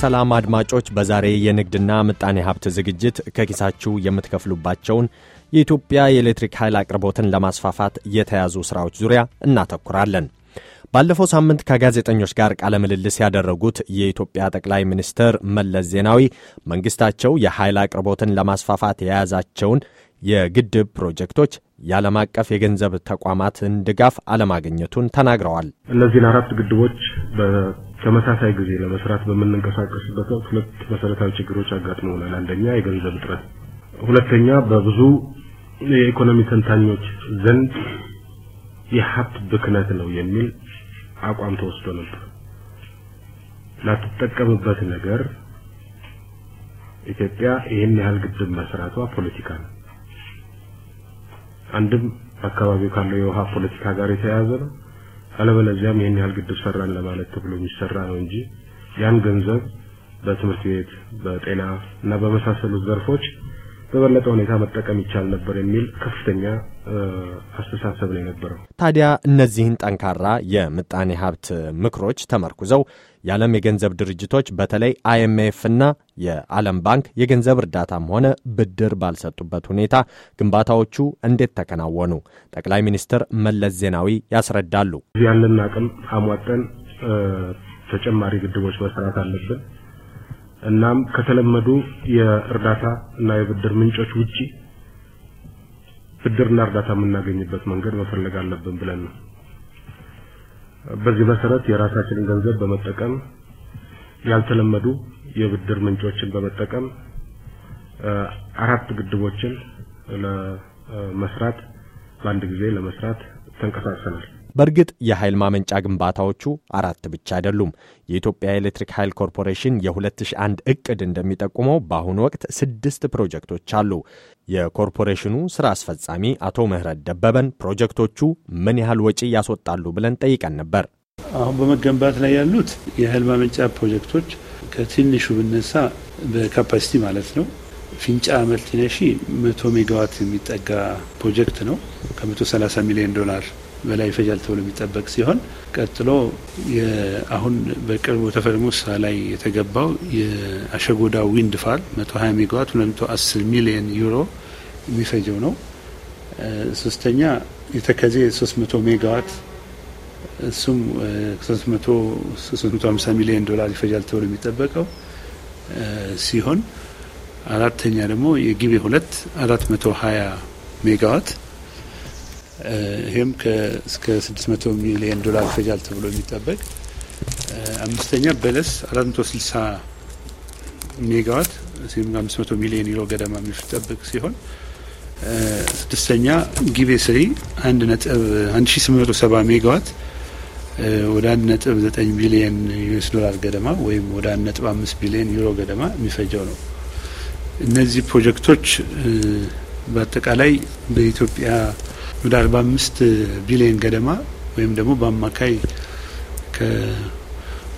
ሰላም አድማጮች፣ በዛሬ የንግድና ምጣኔ ሀብት ዝግጅት ከኪሳችሁ የምትከፍሉባቸውን የኢትዮጵያ የኤሌክትሪክ ኃይል አቅርቦትን ለማስፋፋት የተያዙ ሥራዎች ዙሪያ እናተኩራለን። ባለፈው ሳምንት ከጋዜጠኞች ጋር ቃለ ምልልስ ያደረጉት የኢትዮጵያ ጠቅላይ ሚኒስትር መለስ ዜናዊ መንግሥታቸው የኃይል አቅርቦትን ለማስፋፋት የያዛቸውን የግድብ ፕሮጀክቶች የዓለም አቀፍ የገንዘብ ተቋማትን ድጋፍ አለማግኘቱን ተናግረዋል። እነዚህን አራት ግድቦች ተመሳሳይ ጊዜ ለመስራት በምንንቀሳቀስበት ወቅት ሁለት መሰረታዊ ችግሮች አጋጥመውናል። አንደኛ የገንዘብ እጥረት፣ ሁለተኛ በብዙ የኢኮኖሚ ተንታኞች ዘንድ የሀብት ብክነት ነው የሚል አቋም ተወስዶ ነበር። ላትጠቀምበት ነገር ኢትዮጵያ ይህን ያህል ግድብ መስራቷ ፖለቲካ ነው። አንድም አካባቢው ካለው የውሃ ፖለቲካ ጋር የተያያዘ ነው። አለበለዚያም ይህን ያህል ግድብ ሰራን ለማለት ተብሎ የሚሰራ ነው እንጂ ያን ገንዘብ በትምህርት ቤት፣ በጤና እና በመሳሰሉት ዘርፎች በበለጠ ሁኔታ መጠቀም ይቻል ነበር የሚል ከፍተኛ አስተሳሰብ ነው የነበረው። ታዲያ እነዚህን ጠንካራ የምጣኔ ሀብት ምክሮች ተመርኩዘው የዓለም የገንዘብ ድርጅቶች በተለይ አይኤምኤፍና የዓለም ባንክ የገንዘብ እርዳታም ሆነ ብድር ባልሰጡበት ሁኔታ ግንባታዎቹ እንዴት ተከናወኑ? ጠቅላይ ሚኒስትር መለስ ዜናዊ ያስረዳሉ። ያለን አቅም አሟጠን ተጨማሪ ግድቦች መስራት አለብን እናም ከተለመዱ የእርዳታ እና የብድር ምንጮች ውጪ ብድርና እርዳታ የምናገኝበት መንገድ መፈለግ አለብን ብለን ነው። በዚህ መሰረት የራሳችንን ገንዘብ በመጠቀም ያልተለመዱ የብድር ምንጮችን በመጠቀም አራት ግድቦችን ለመስራት በአንድ ጊዜ ለመስራት ተንቀሳቅሰናል። በእርግጥ የኃይል ማመንጫ ግንባታዎቹ አራት ብቻ አይደሉም። የኢትዮጵያ ኤሌክትሪክ ኃይል ኮርፖሬሽን የ2001 እቅድ እንደሚጠቁመው በአሁኑ ወቅት ስድስት ፕሮጀክቶች አሉ። የኮርፖሬሽኑ ስራ አስፈጻሚ አቶ ምህረት ደበበን ፕሮጀክቶቹ ምን ያህል ወጪ ያስወጣሉ ብለን ጠይቀን ነበር። አሁን በመገንባት ላይ ያሉት የኃይል ማመንጫ ፕሮጀክቶች ከትንሹ ብነሳ በካፓሲቲ ማለት ነው ፊንጫ መልቲነሺ መቶ ሜጋዋት የሚጠጋ ፕሮጀክት ነው ከ130 ሚሊዮን ዶላር በላይ ይፈጃል ተብሎ የሚጠበቅ ሲሆን ቀጥሎ አሁን በቅርቡ ተፈርሞ ስራ ላይ የተገባው የአሸጎዳ ዊንድ ፋል 120 ሜጋዋት 210 ሚሊዮን ዩሮ የሚፈጀው ነው። ሶስተኛ የተከዜ 300 ሜጋዋት እሱም 350 ሚሊዮን ዶላር ይፈጃል ተብሎ የሚጠበቀው ሲሆን አራተኛ ደግሞ የጊቤ ሁለት 420 ሜጋዋት ይህም እስከ 600 ሚሊዮን ዶላር ይፈጃል ተብሎ የሚጠበቅ አምስተኛ በለስ 460 ሜጋዋት 500 ሚሊዮን ዩሮ ገደማ የሚጠብቅ ሲሆን ስድስተኛ ጊቤ ስሪ 1870 ሜጋዋት ወደ 1.9 ቢሊየን ዩኤስ ዶላር ገደማ ወይም ወደ 1.5 ቢሊየን ዩሮ ገደማ የሚፈጀው ነው። እነዚህ ፕሮጀክቶች በአጠቃላይ በኢትዮጵያ ወደ 45 ቢሊዮን ገደማ ወይም ደግሞ በአማካይ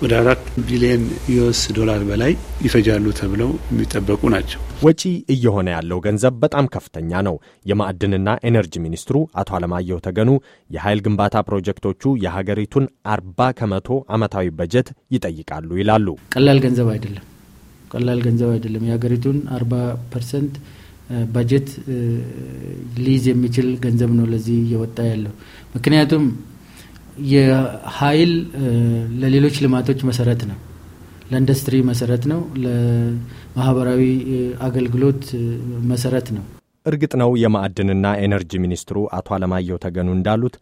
ወደ አራት ቢሊዮን ዩኤስ ዶላር በላይ ይፈጃሉ ተብለው የሚጠበቁ ናቸው። ወጪ እየሆነ ያለው ገንዘብ በጣም ከፍተኛ ነው። የማዕድንና ኤነርጂ ሚኒስትሩ አቶ አለማየሁ ተገኑ የኃይል ግንባታ ፕሮጀክቶቹ የሀገሪቱን አርባ ከመቶ ዓመታዊ በጀት ይጠይቃሉ ይላሉ። ቀላል ገንዘብ አይደለም። ቀላል ገንዘብ አይደለም። የሀገሪቱን አርባ ፐርሰንት በጀት ሊይዝ የሚችል ገንዘብ ነው ለዚህ እየወጣ ያለው። ምክንያቱም የኃይል ለሌሎች ልማቶች መሰረት ነው፣ ለኢንዱስትሪ መሰረት ነው፣ ለማህበራዊ አገልግሎት መሰረት ነው። እርግጥ ነው የማዕድንና ኤነርጂ ሚኒስትሩ አቶ አለማየሁ ተገኑ እንዳሉት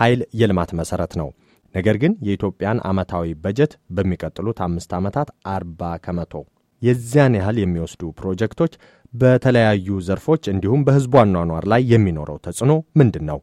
ኃይል የልማት መሰረት ነው። ነገር ግን የኢትዮጵያን ዓመታዊ በጀት በሚቀጥሉት አምስት ዓመታት አርባ ከመቶ የዚያን ያህል የሚወስዱ ፕሮጀክቶች በተለያዩ ዘርፎች እንዲሁም በሕዝቡ አኗኗር ላይ የሚኖረው ተጽዕኖ ምንድን ነው?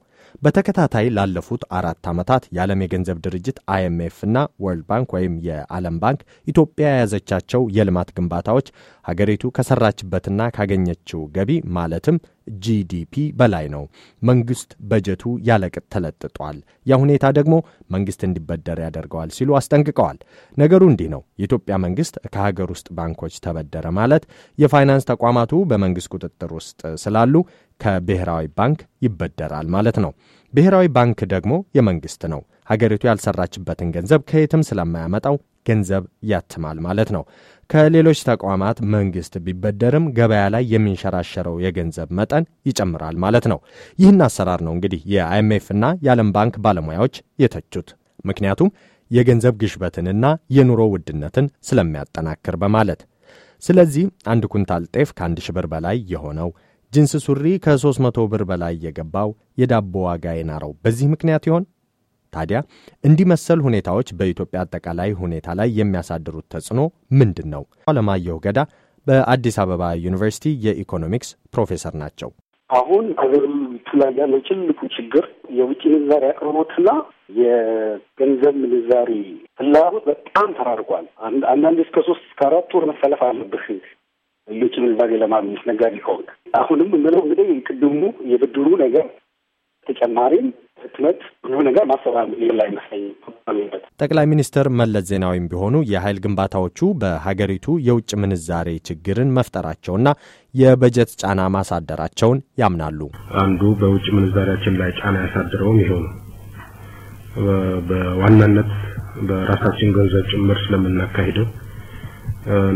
በተከታታይ ላለፉት አራት ዓመታት የዓለም የገንዘብ ድርጅት አይኤምኤፍ እና ወርልድ ባንክ ወይም የዓለም ባንክ ኢትዮጵያ የያዘቻቸው የልማት ግንባታዎች ሀገሪቱ ከሰራችበትና ካገኘችው ገቢ ማለትም ጂዲፒ በላይ ነው። መንግስት በጀቱ ያለቅጥ ተለጥጧል። ያ ሁኔታ ደግሞ መንግስት እንዲበደር ያደርገዋል ሲሉ አስጠንቅቀዋል። ነገሩ እንዲህ ነው። የኢትዮጵያ መንግስት ከሀገር ውስጥ ባንኮች ተበደረ ማለት የፋይናንስ ተቋማቱ በመንግስት ቁጥጥር ውስጥ ስላሉ ከብሔራዊ ባንክ ይበደራል ማለት ነው። ብሔራዊ ባንክ ደግሞ የመንግስት ነው። ሀገሪቱ ያልሰራችበትን ገንዘብ ከየትም ስለማያመጣው ገንዘብ ያትማል ማለት ነው። ከሌሎች ተቋማት መንግሥት ቢበደርም ገበያ ላይ የሚንሸራሸረው የገንዘብ መጠን ይጨምራል ማለት ነው። ይህን አሰራር ነው እንግዲህ የአይኤምኤፍ እና የዓለም ባንክ ባለሙያዎች የተቹት። ምክንያቱም የገንዘብ ግሽበትንና የኑሮ ውድነትን ስለሚያጠናክር በማለት ስለዚህ አንድ ኩንታል ጤፍ ከአንድ ሺህ ብር በላይ የሆነው ጅንስ ሱሪ ከ300 ብር በላይ የገባው የዳቦ ዋጋ የናረው በዚህ ምክንያት ይሆን? ታዲያ እንዲህ መሰል ሁኔታዎች በኢትዮጵያ አጠቃላይ ሁኔታ ላይ የሚያሳድሩት ተጽዕኖ ምንድን ነው? አለማየሁ ገዳ በአዲስ አበባ ዩኒቨርሲቲ የኢኮኖሚክስ ፕሮፌሰር ናቸው። አሁን አገሪቱ ላይ ያለው ትልቁ ችግር የውጭ ምንዛሪ አቅርቦትና የገንዘብ ምንዛሪ ፍላጎት በጣም ተራርጓል። አንዳንድ እስከ ሶስት እስከ አራት ወር መሰለፍ አለብህ የውጭ ምንዛሬ ለማግኘት ነጋዴ ከሆነ። አሁንም ምለው እንግዲህ ቅድሙ የብድሩ ነገር ተጨማሪም ህትመት ብዙ ነገር ማሰራ ላይ አይመስለኝም። ጠቅላይ ሚኒስትር መለስ ዜናዊም ቢሆኑ የኃይል ግንባታዎቹ በሀገሪቱ የውጭ ምንዛሬ ችግርን መፍጠራቸውና የበጀት ጫና ማሳደራቸውን ያምናሉ። አንዱ በውጭ ምንዛሪያችን ላይ ጫና ያሳድረውም ይሆኑ በዋናነት በራሳችን ገንዘብ ጭምር ስለምናካሂደው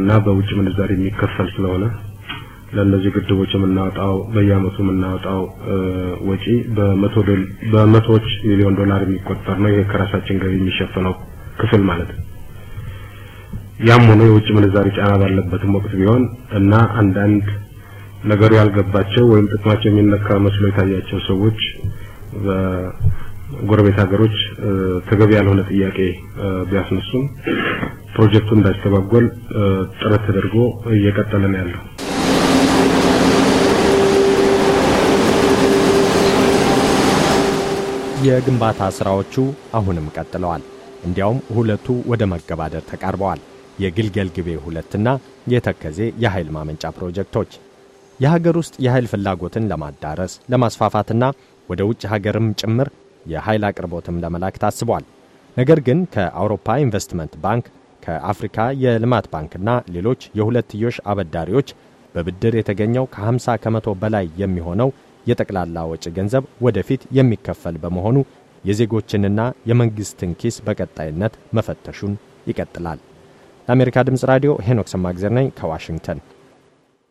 እና በውጭ ምንዛሬ የሚከፈል ስለሆነ ለነዚህ ግድቦች የምናወጣው በየአመቱ የምናወጣው ወጪ በመቶዎች ሚሊዮን ዶላር የሚቆጠር ነው። ይሄ ከራሳችን ገቢ የሚሸፍነው ክፍል ማለት ነው። ያም ሆኖ የውጭ ምንዛሪ ጫና ባለበትም ወቅት ቢሆን እና አንዳንድ ነገሩ ያልገባቸው ወይም ጥቅማቸው የሚነካ መስሎ የታያቸው ሰዎች በጎረቤት ሀገሮች ተገቢ ያልሆነ ጥያቄ ቢያስነሱም ፕሮጀክቱ እንዳይስተጓጎል ጥረት ተደርጎ እየቀጠለ ነው ያለው። የግንባታ ሥራዎቹ አሁንም ቀጥለዋል። እንዲያውም ሁለቱ ወደ መገባደር ተቃርበዋል። የግልገል ግቤ ሁለትና የተከዜ የኃይል ማመንጫ ፕሮጀክቶች የሀገር ውስጥ የኃይል ፍላጎትን ለማዳረስ ለማስፋፋትና ወደ ውጭ ሀገርም ጭምር የኃይል አቅርቦትም ለመላክ ታስቧል። ነገር ግን ከአውሮፓ ኢንቨስትመንት ባንክ ከአፍሪካ የልማት ባንክና ሌሎች የሁለትዮሽ አበዳሪዎች በብድር የተገኘው ከ50 ከመቶ በላይ የሚሆነው የጠቅላላ ወጪ ገንዘብ ወደፊት የሚከፈል በመሆኑ የዜጎችንና የመንግስትን ኪስ በቀጣይነት መፈተሹን ይቀጥላል። ለአሜሪካ ድምፅ ራዲዮ ሄኖክ ሰማግዘር ነኝ ከዋሽንግተን